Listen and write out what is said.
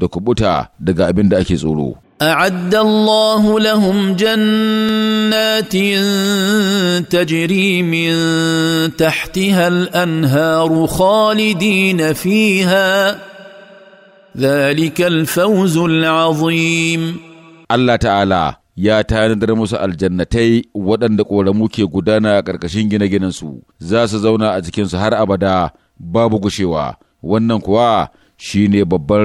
da kubuta daga abin da ake tsoro. أعد الله لهم جنات تجري من تحتها الأنهار خالدين فيها ذلك الفوز العظيم allah ta'ala ya tanadar musu aljannatai waɗanda ƙoramu ke gudana a ƙarƙashin gine-ginensu za su zauna a cikinsu har abada babu gushewa wannan kuwa shine babbar